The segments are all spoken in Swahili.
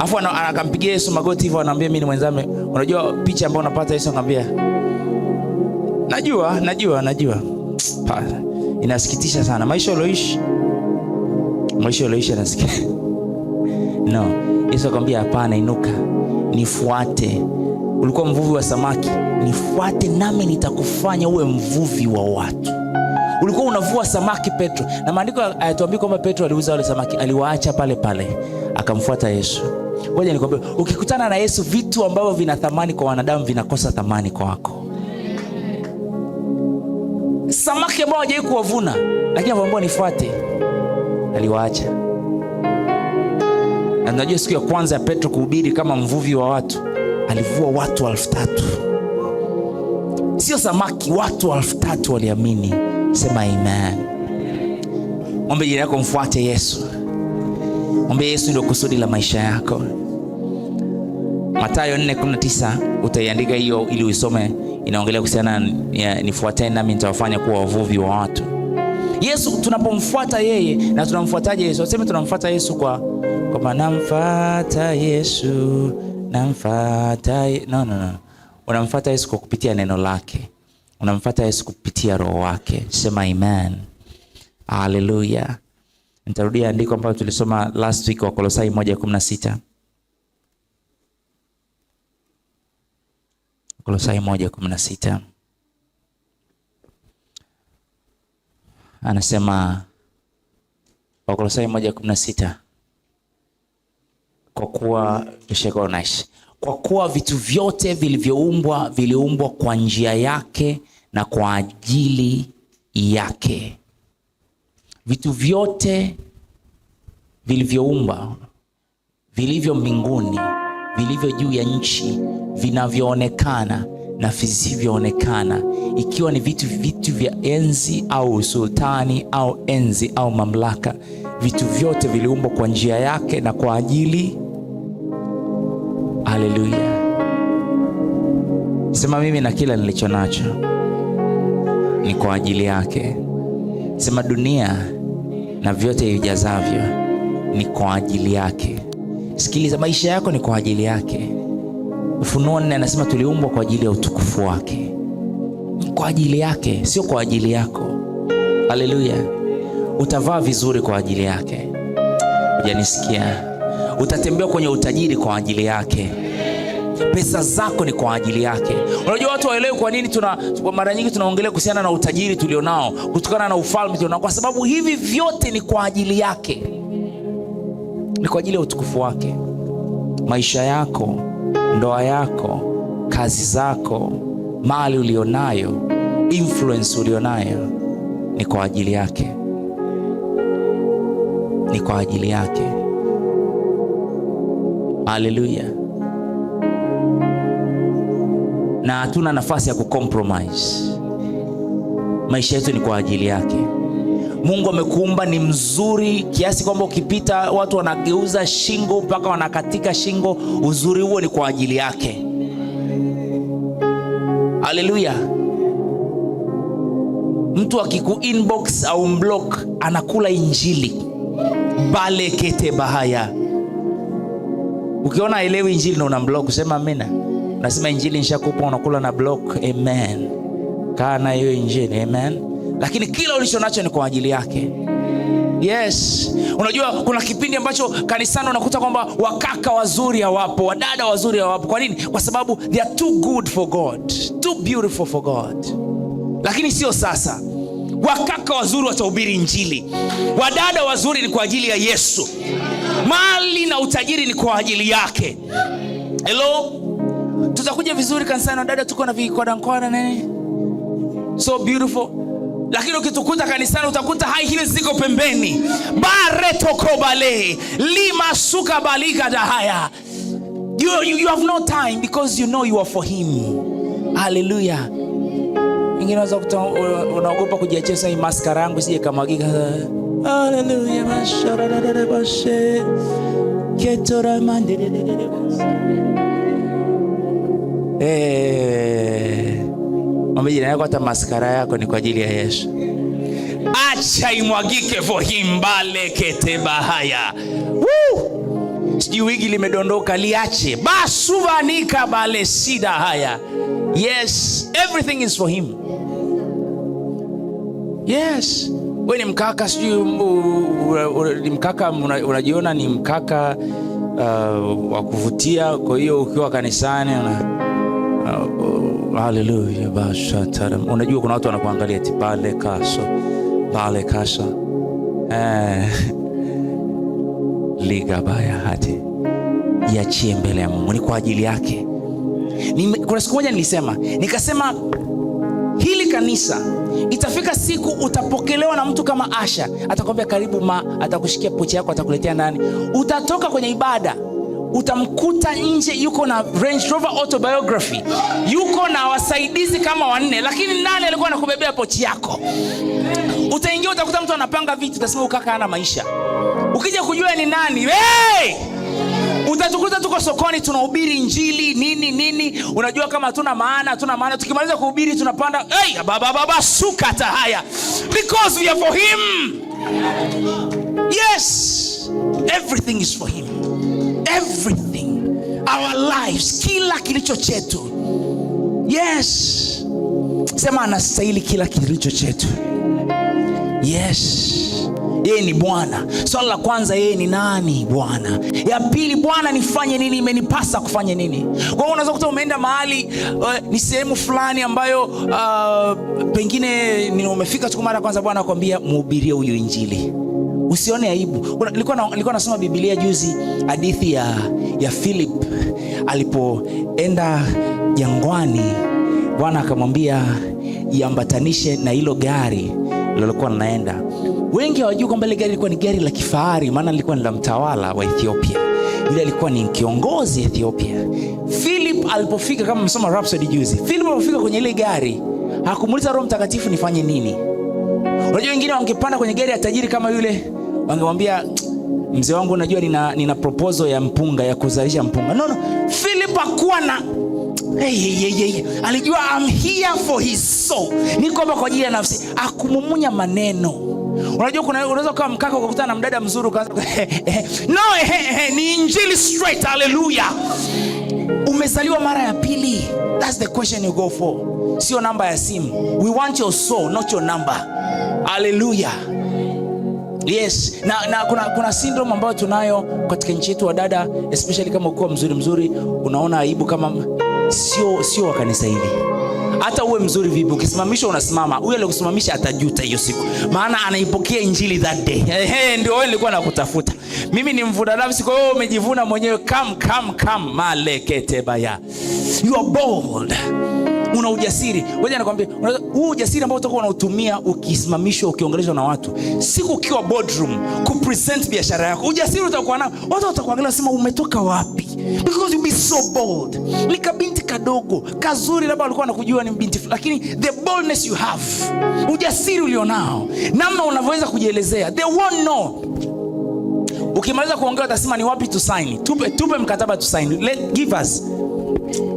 Afu anakampigia Yesu magoti hivyo, anaambia mimi ni mwenzame. Unajua picha ambayo unapata Yesu anaambia, najua najua najua. Pala. inasikitisha sana maisha ulioishi, maisha ulioishi yanasikitisha. No, Yesu akamwambia hapana, inuka nifuate. Ulikuwa mvuvi wa samaki, nifuate nami nitakufanya uwe mvuvi wa watu. Ulikuwa unavua samaki Petro, na maandiko hayatuambii kwamba Petro aliuza wale samaki, aliwaacha pale pale akamfuata Yesu. Ngoja nikwambie, ukikutana na Yesu, vitu ambavyo vina thamani kwa wanadamu vinakosa thamani kwako. Samaki ambao hawajawahi kuwavuna, lakini aliwaambia nifuate, aliwaacha. Na tunajua siku ya kwanza ya Petro kuhubiri kama mvuvi wa watu, alivua watu elfu tatu sio samaki, watu elfu tatu waliamini. Sema amen. Mwambie jirani yako, mfuate Yesu. Mwambie Yesu ndio kusudi la maisha yako. Mathayo 4:19 utaiandika hiyo ili uisome. Inaongelea kuhusiana nifuateni nami nitawafanya kuwa wavuvi wa watu. Yesu tunapomfuata yeye na tunamfuataje Yesu? Aseme tunamfuata Yesu kwa kwa namfuata Yesu, namfuata no, no, no. Unamfuata Yesu kwa kupitia neno lake. Unamfuata Yesu kupitia roho wake. Sema amen. Hallelujah. Nitarudia andiko ambalo tulisoma last week, wa Kolosai 1:16. Kolosai 1:16. anasema Wakolosai moja kumi kwa kuwa shekonaishi kwa kuwa vitu vyote vilivyoumbwa viliumbwa kwa njia yake na kwa ajili yake vitu vyote vilivyoumba vilivyo mbinguni vilivyo juu ya nchi vinavyoonekana na visivyoonekana, ikiwa ni vitu vitu vya enzi au sultani au enzi au mamlaka, vitu vyote viliumbwa kwa njia yake na kwa ajili. Haleluya! Sema, mimi na kila nilicho nacho ni kwa ajili yake. Sema, dunia na vyote vijazavyo ni kwa ajili yake. Sikiliza, maisha yako ni kwa ajili yake. Ufunuo nne anasema tuliumbwa kwa ajili ya utukufu wake. Ni kwa ajili yake, sio kwa ajili yako. Haleluya! Utavaa vizuri kwa ajili yake. Hujanisikia? Utatembea kwenye utajiri kwa ajili yake pesa zako ni kwa ajili yake. Unajua watu waelewe kwa nini tuna mara nyingi tunaongelea kuhusiana na utajiri tulionao, kutokana na ufalme tulionao, kwa sababu hivi vyote ni kwa ajili yake, ni kwa ajili ya utukufu wake. Maisha yako, ndoa yako, kazi zako, mali ulionayo, influence ulionayo, ni kwa ajili yake, ni kwa ajili yake. Haleluya! na hatuna nafasi ya kucompromise. Maisha yetu ni kwa ajili yake. Mungu amekuumba ni mzuri kiasi kwamba ukipita watu wanageuza shingo mpaka wanakatika shingo. Uzuri huo ni kwa ajili yake. Haleluya! Mtu akiku inbox au mblock anakula injili pale kete bahaya. Ukiona aelewi injili na unamblock, sema amina nasema injili nishakupa, unakula na block. Amen, kaa na hiyo injili. Amen, lakini kila ulicho nacho ni kwa ajili yake. Yes, unajua kuna kipindi ambacho kanisani unakuta kwamba wakaka wazuri hawapo, wadada wazuri hawapo. Kwa nini? Kwa sababu they are too good for God, too beautiful for God. Lakini sio sasa wakaka wazuri watahubiri Injili, wadada wazuri ni kwa ajili ya Yesu, mali na utajiri ni kwa ajili yake. Hello tutakuja vizuri kanisani, dada tuko na vikwadakwana nini, so beautiful lakini ukitukuta kanisani utakuta high heels ziko pembeni, baretokobale lima suka balika dahaya. You, you, you have no time because you know you are for him. Haleluya! Wengine waza unaogopa kujiachia sai, maskara yangu sije kamwagika. Haleluya basharararabashe ketoramandededede Hey. Eh. Mwambie jirani yako hata maskara yako ni kwa ajili ya Yesu. Acha imwagike vohimbale keteba haya. Sijui wigi limedondoka liache. Basuvanika bale sida haya. Yes, everything is for him. Yes. We ni mkaka sijui ni mkaka unajiona ni mkaka uh, wa kuvutia, kwa hiyo ukiwa kanisani una Haleluya, taram. Unajua kuna watu wanakuangalia ti pale kaso pale kasa eh, liga baya hati iachie mbele ya Mungu, ni kwa ajili yake. Kuna siku moja nilisema nikasema, hili kanisa itafika siku utapokelewa na mtu kama Asha, atakwambia karibu ma, atakushikia pochi yako, atakuletea nani, utatoka kwenye ibada utamkuta nje yuko na Range Rover autobiography, yuko na wasaidizi kama wanne, lakini nani alikuwa anakubebea pochi yako? Utaingia utakuta mtu anapanga vitu, utasema ukaka ana maisha. Ukija kujua ni nani, hey! Utatukuta tuko sokoni tunahubiri injili nini nini, unajua kama hatuna maana, hatuna maana. Tukimaliza kuhubiri tunapanda hey, baba baba suka ta haya, because we are for him. Yes, everything is for him everything our lives, kila kilicho chetu. Yes, sema anastahili kila kilicho chetu. Yes, yeye ni Bwana. Swala la kwanza, yeye ni nani? Bwana. Ya pili, Bwana nifanye nini? Imenipasa kufanya nini? Kwa hio unaweza kuta umeenda mahali uh, ni sehemu fulani ambayo uh, pengine umefika tuku mara kwanza, Bwana akuambia mhubirie huyu Injili Usione aibu. Nilikuwa nasoma Biblia juzi, hadithi ya, ya Philip alipoenda jangwani, Bwana akamwambia iambatanishe na hilo gari lilokuwa linaenda. Wengi hawajui kwamba ile gari ilikuwa ni gari la kifahari, maana lilikuwa ni la mtawala wa Ethiopia. Yule alikuwa ni kiongozi Ethiopia. Philip alipofika, kama msoma Rhapsody juzi, Philip alipofika kwenye ile gari hakumuuliza Roho Mtakatifu nifanye nini. Unajua wengine wangepanda kwenye gari ya tajiri kama yule wangemwambia mzee wangu, unajua nina, nina proposal ya mpunga ya kuzalisha mpunga. No, no. Philip akuwa na Hey, hey, hey, hey. Alijua I'm here for his soul. ni kwamba kwa ajili ya nafsi. Akumumunya maneno. Unajua kuna unaweza kuwa mkaka ukakutana na mdada mzuri ukaanza eh, eh. no, hey, eh, hey, ni injili straight. haleluya Umezaliwa mara ya pili. That's the question you go for. Sio namba ya simu. We want your soul, not your number. Hallelujah. Yes, na, na kuna, kuna syndrome ambayo tunayo katika nchi yetu wa dada, especially kama ukiwa mzuri mzuri, unaona aibu kama sio sio wa kanisa hili. Hata uwe mzuri vipi, ukisimamishwa unasimama, huyo aliyokusimamisha atajuta hiyo siku, maana anaipokea injili that day. Ehe, ndio wewe nilikuwa nakutafuta mimi ni mvuna nafsi. Kwa hiyo umejivuna mwenyewe, come come come, malekete baya, you are bold una ujasiri. Ngoja nikwambie, huu ujasiri ambao utakuwa unautumia ukisimamishwa, ukiongelezwa na watu, siku ukiwa boardroom ku present biashara yako, ujasiri utakuwa nao, watu watakuangalia sema umetoka wapi? Because you be so bold. Ni kabinti kadogo kazuri, labda walikuwa wanakujua ni binti, lakini the boldness you have, ujasiri ulionao, namna unavyoweza kujielezea, they won't know Ukimaliza kuongea utasema ni wapi tusaini, tupe, tupe mkataba tusaini. give us.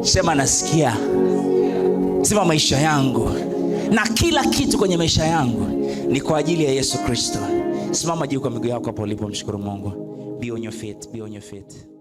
Sema nasikia sema maisha yangu na kila kitu kwenye maisha yangu ni kwa ajili ya Yesu Kristo. Simama juu kwa miguu yako hapo ulipo, mshukuru Mungu. Be on your feet, be on your feet.